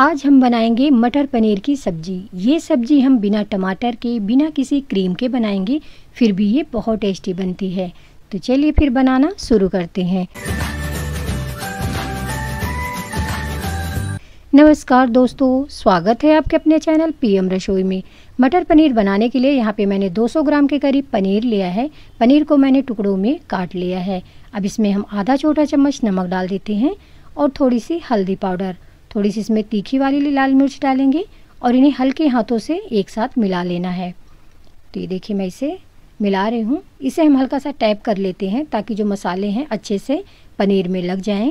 आज हम बनाएंगे मटर पनीर की सब्ज़ी ये सब्ज़ी हम बिना टमाटर के बिना किसी क्रीम के बनाएंगे फिर भी ये बहुत टेस्टी बनती है तो चलिए फिर बनाना शुरू करते हैं नमस्कार दोस्तों स्वागत है आपके अपने चैनल पीएम रसोई में मटर पनीर बनाने के लिए यहाँ पे मैंने 200 ग्राम के करीब पनीर लिया है पनीर को मैंने टुकड़ों में काट लिया है अब इसमें हम आधा छोटा चम्मच नमक डाल देते हैं और थोड़ी सी हल्दी पाउडर थोड़ी सी इसमें तीखी वाली लाल मिर्च डालेंगे और इन्हें हल्के हाथों से एक साथ मिला लेना है तो ये देखिए मैं इसे मिला रही हूँ इसे हम हल्का सा टैप कर लेते हैं ताकि जो मसाले हैं अच्छे से पनीर में लग जाएं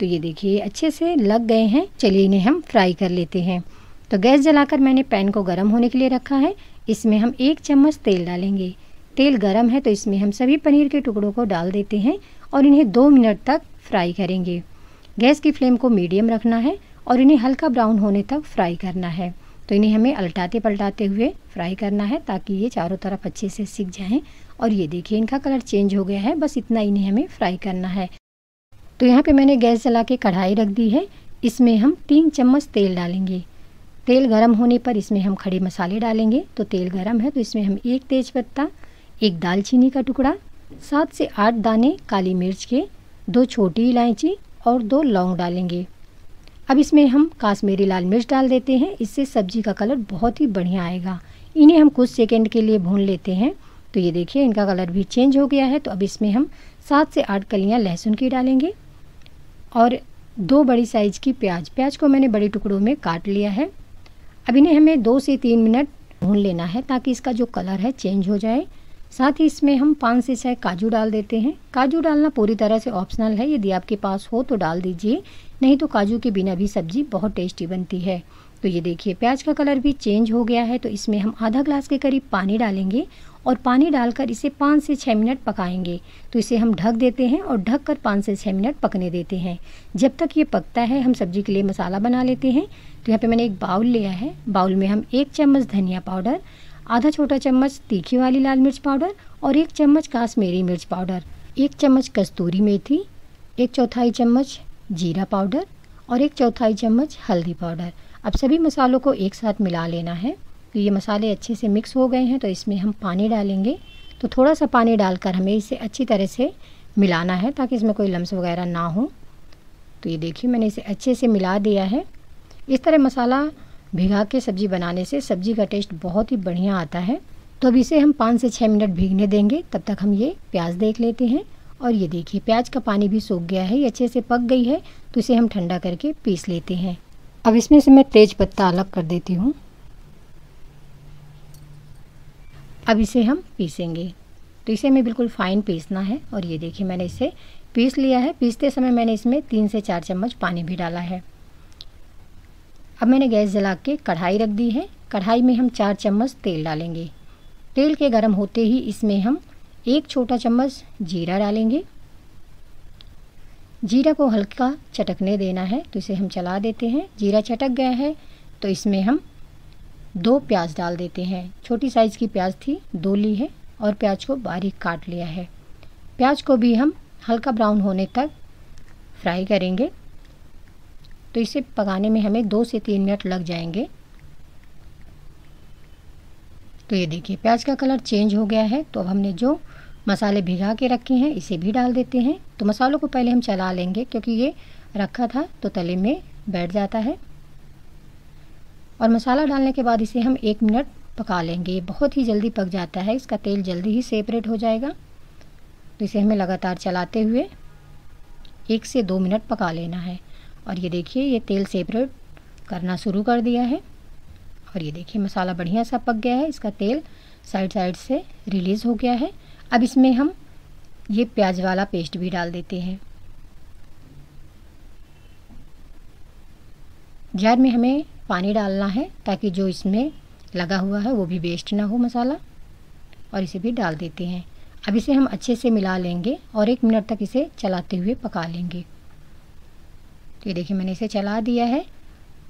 तो ये देखिए अच्छे से लग गए हैं चलिए इन्हें हम फ्राई कर लेते हैं तो गैस जलाकर मैंने पैन को गर्म होने के लिए रखा है इसमें हम एक चम्मच तेल डालेंगे तेल गर्म है तो इसमें हम सभी पनीर के टुकड़ों को डाल देते हैं और इन्हें दो मिनट तक फ्राई करेंगे गैस की फ्लेम को मीडियम रखना है और इन्हें हल्का ब्राउन होने तक फ्राई करना है तो इन्हें हमें अलटाते पलटाते हुए फ्राई करना है ताकि ये चारों तरफ अच्छे से सीख जाएं और ये देखिए इनका कलर चेंज हो गया है बस इतना इन्हें हमें फ्राई करना है तो यहाँ पे मैंने गैस जला के कढ़ाई रख दी है इसमें हम तीन चम्मच तेल डालेंगे तेल गरम होने पर इसमें हम खड़े मसाले डालेंगे तो तेल गरम है तो इसमें हम एक तेज़पत्ता एक दालचीनी का टुकड़ा सात से आठ दाने काली मिर्च के दो छोटी इलायची और दो लौंग डालेंगे अब इसमें हम काश्मीरी लाल मिर्च डाल देते हैं इससे सब्जी का कलर बहुत ही बढ़िया आएगा इन्हें हम कुछ सेकेंड के लिए भून लेते हैं तो ये देखिए इनका कलर भी चेंज हो गया है तो अब इसमें हम सात से आठ कलियाँ लहसुन की डालेंगे और दो बड़ी साइज की प्याज प्याज को मैंने बड़े टुकड़ों में काट लिया है अब इन्हें हमें दो से तीन मिनट भून लेना है ताकि इसका जो कलर है चेंज हो जाए साथ ही इसमें हम पाँच से छः काजू डाल देते हैं काजू डालना पूरी तरह से ऑप्शनल है यदि आपके पास हो तो डाल दीजिए नहीं तो काजू के बिना भी सब्जी बहुत टेस्टी बनती है तो ये देखिए प्याज का कलर भी चेंज हो गया है तो इसमें हम आधा ग्लास के करीब पानी डालेंगे और पानी डालकर इसे पाँच से छः मिनट पकाएंगे तो इसे हम ढक देते हैं और ढक कर पाँच से छः मिनट पकने देते हैं जब तक ये पकता है हम सब्जी के लिए मसाला बना लेते हैं तो यहाँ पे मैंने एक बाउल लिया है बाउल में हम एक चम्मच धनिया पाउडर आधा छोटा चम्मच तीखी वाली लाल मिर्च पाउडर और एक चम्मच काश्मीरी मिर्च पाउडर एक चम्मच कस्तूरी मेथी एक चौथाई चम्मच जीरा पाउडर और एक चौथाई चम्मच हल्दी पाउडर अब सभी मसालों को एक साथ मिला लेना है तो ये मसाले अच्छे से मिक्स हो गए हैं तो इसमें हम पानी डालेंगे तो थोड़ा सा पानी डालकर हमें इसे अच्छी तरह से मिलाना है ताकि इसमें कोई लम्स वगैरह ना हो तो ये देखिए मैंने इसे अच्छे से मिला दिया है इस तरह मसाला भिगा के सब्ज़ी बनाने से सब्ज़ी का टेस्ट बहुत ही बढ़िया आता है तो अब इसे हम पाँच से छः मिनट भीगने देंगे तब तक हम ये प्याज देख लेते हैं और ये देखिए प्याज का पानी भी सूख गया है ये अच्छे से पक गई है तो इसे हम ठंडा करके पीस लेते हैं अब इसमें से मैं तेज पत्ता अलग कर देती हूँ अब इसे हम पीसेंगे तो इसे हमें बिल्कुल फ़ाइन पीसना है और ये देखिए मैंने इसे पीस लिया है पीसते समय मैंने इसमें तीन से चार चम्मच पानी भी डाला है अब मैंने गैस जला के कढ़ाई रख दी है कढ़ाई में हम चार चम्मच तेल डालेंगे तेल के गर्म होते ही इसमें हम एक छोटा चम्मच जीरा डालेंगे जीरा को हल्का चटकने देना है तो इसे हम चला देते हैं जीरा चटक गया है तो इसमें हम दो प्याज डाल देते हैं छोटी साइज़ की प्याज थी दो ली है और प्याज को बारीक काट लिया है प्याज को भी हम हल्का ब्राउन होने तक फ्राई करेंगे तो इसे पकाने में हमें दो से तीन मिनट लग जाएंगे तो ये देखिए प्याज का कलर चेंज हो गया है तो अब हमने जो मसाले भिगा के रखे हैं इसे भी डाल देते हैं तो मसालों को पहले हम चला लेंगे क्योंकि ये रखा था तो तले में बैठ जाता है और मसाला डालने के बाद इसे हम एक मिनट पका लेंगे ये बहुत ही जल्दी पक जाता है इसका तेल जल्दी ही सेपरेट हो जाएगा तो इसे हमें लगातार चलाते हुए एक से दो मिनट पका लेना है और ये देखिए ये तेल सेपरेट करना शुरू कर दिया है और ये देखिए मसाला बढ़िया सा पक गया है इसका तेल साइड साइड से रिलीज़ हो गया है अब इसमें हम ये प्याज वाला पेस्ट भी डाल देते हैं जार में हमें पानी डालना है ताकि जो इसमें लगा हुआ है वो भी वेस्ट ना हो मसाला और इसे भी डाल देते हैं अब इसे हम अच्छे से मिला लेंगे और एक मिनट तक इसे चलाते हुए पका लेंगे तो ये देखिए मैंने इसे चला दिया है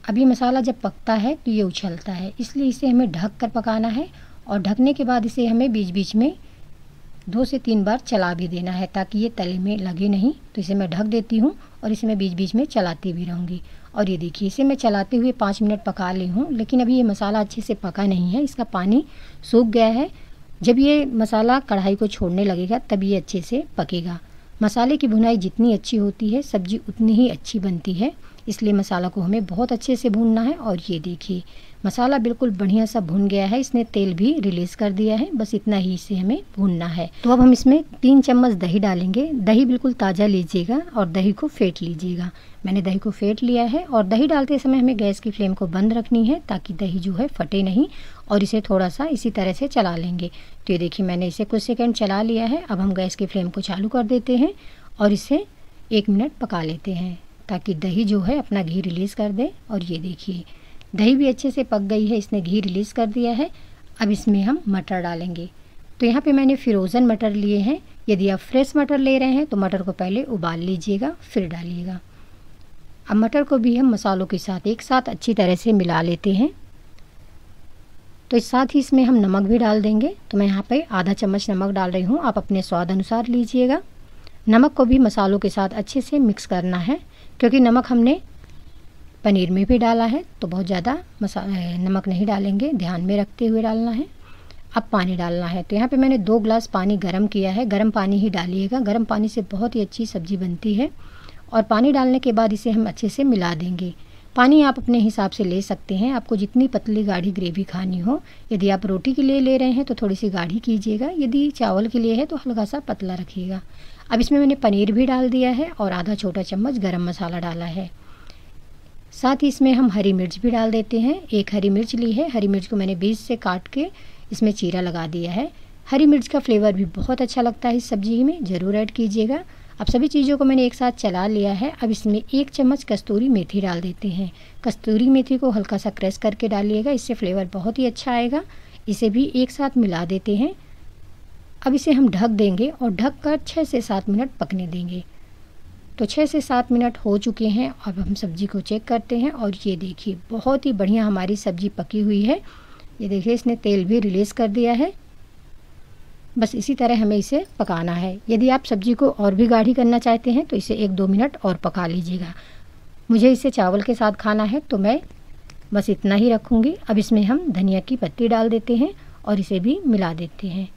अभी मसाला जब पकता है तो ये उछलता है इसलिए इसे हमें ढक कर पकाना है और ढकने के बाद इसे हमें बीच बीच में दो से तीन बार चला भी देना है ताकि ये तले में लगे नहीं तो इसे मैं ढक देती हूँ और इसे मैं बीच बीच में चलाती भी रहूँगी और ये देखिए इसे मैं चलाते हुए पाँच मिनट पका ली हूँ लेकिन अभी ये मसाला अच्छे से पका नहीं है इसका पानी सूख गया है जब ये मसाला कढ़ाई को छोड़ने लगेगा तब ये अच्छे से पकेगा मसाले की भुनाई जितनी अच्छी होती है सब्जी उतनी ही अच्छी बनती है इसलिए मसाला को हमें बहुत अच्छे से भूनना है और ये देखिए मसाला बिल्कुल बढ़िया सा भून गया है इसने तेल भी रिलीज़ कर दिया है बस इतना ही इसे हमें भूनना है तो अब हम इसमें तीन चम्मच दही डालेंगे दही बिल्कुल ताज़ा लीजिएगा और दही को फेंट लीजिएगा मैंने दही को फेंट लिया है और दही डालते समय हमें गैस की फ्लेम को बंद रखनी है ताकि दही जो है फटे नहीं और इसे थोड़ा सा इसी तरह से चला लेंगे तो ये देखिए मैंने इसे कुछ सेकंड चला लिया है अब हम गैस की फ्लेम को चालू कर देते हैं और इसे एक मिनट पका लेते हैं ताकि दही जो है अपना घी रिलीज़ कर दे और ये देखिए दही भी अच्छे से पक गई है इसने घी रिलीज़ कर दिया है अब इसमें हम मटर डालेंगे तो यहाँ पे मैंने फ्रोज़न मटर लिए हैं यदि आप फ्रेश मटर ले रहे हैं तो मटर को पहले उबाल लीजिएगा फिर डालिएगा अब मटर को भी हम मसालों के साथ एक साथ अच्छी तरह से मिला लेते हैं तो इस साथ ही इसमें हम नमक भी डाल देंगे तो मैं यहाँ पे आधा चम्मच नमक डाल रही हूँ आप अपने स्वाद अनुसार लीजिएगा नमक को भी मसालों के साथ अच्छे से मिक्स करना है क्योंकि नमक हमने पनीर में भी डाला है तो बहुत ज़्यादा मसा नमक नहीं डालेंगे ध्यान में रखते हुए डालना है अब पानी डालना है तो यहाँ पे मैंने दो ग्लास पानी गर्म किया है गर्म पानी ही डालिएगा गर्म पानी से बहुत ही अच्छी सब्ज़ी बनती है और पानी डालने के बाद इसे हम अच्छे से मिला देंगे पानी आप अपने हिसाब से ले सकते हैं आपको जितनी पतली गाढ़ी ग्रेवी खानी हो यदि आप रोटी के लिए ले रहे हैं तो थोड़ी सी गाढ़ी कीजिएगा यदि चावल के लिए है तो हल्का सा पतला रखिएगा अब इसमें मैंने पनीर भी डाल दिया है और आधा छोटा चम्मच गर्म मसाला डाला है साथ ही इसमें हम हरी मिर्च भी डाल देते हैं एक हरी मिर्च ली है हरी मिर्च को मैंने बीज से काट के इसमें चीरा लगा दिया है हरी मिर्च का फ्लेवर भी बहुत अच्छा लगता है इस सब्जी में ज़रूर ऐड कीजिएगा अब सभी चीज़ों को मैंने एक साथ चला लिया है अब इसमें एक चम्मच कस्तूरी मेथी डाल देते हैं कस्तूरी मेथी को हल्का सा क्रश करके डालिएगा इससे फ्लेवर बहुत ही अच्छा आएगा इसे भी एक साथ मिला देते हैं अब इसे हम ढक देंगे और ढक कर छः से सात मिनट पकने देंगे तो छः से सात मिनट हो चुके हैं अब हम सब्ज़ी को चेक करते हैं और ये देखिए बहुत ही बढ़िया हमारी सब्ज़ी पकी हुई है ये देखिए इसने तेल भी रिलीज़ कर दिया है बस इसी तरह हमें इसे पकाना है यदि आप सब्जी को और भी गाढ़ी करना चाहते हैं तो इसे एक दो मिनट और पका लीजिएगा मुझे इसे चावल के साथ खाना है तो मैं बस इतना ही रखूँगी अब इसमें हम धनिया की पत्ती डाल देते हैं और इसे भी मिला देते हैं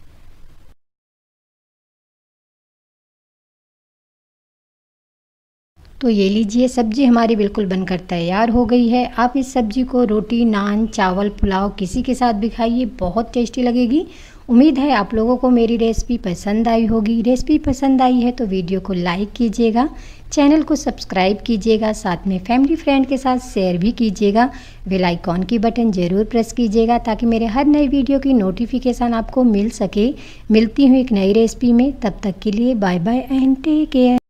तो ये लीजिए सब्जी हमारी बिल्कुल बनकर तैयार हो गई है आप इस सब्जी को रोटी नान चावल पुलाव किसी के साथ भी खाइए बहुत टेस्टी लगेगी उम्मीद है आप लोगों को मेरी रेसिपी पसंद आई होगी रेसिपी पसंद आई है तो वीडियो को लाइक कीजिएगा चैनल को सब्सक्राइब कीजिएगा साथ में फैमिली फ्रेंड के साथ शेयर भी कीजिएगा बेल आइकॉन की बटन ज़रूर प्रेस कीजिएगा ताकि मेरे हर नई वीडियो की नोटिफिकेशन आपको मिल सके मिलती हूँ एक नई रेसिपी में तब तक के लिए bye bye and take care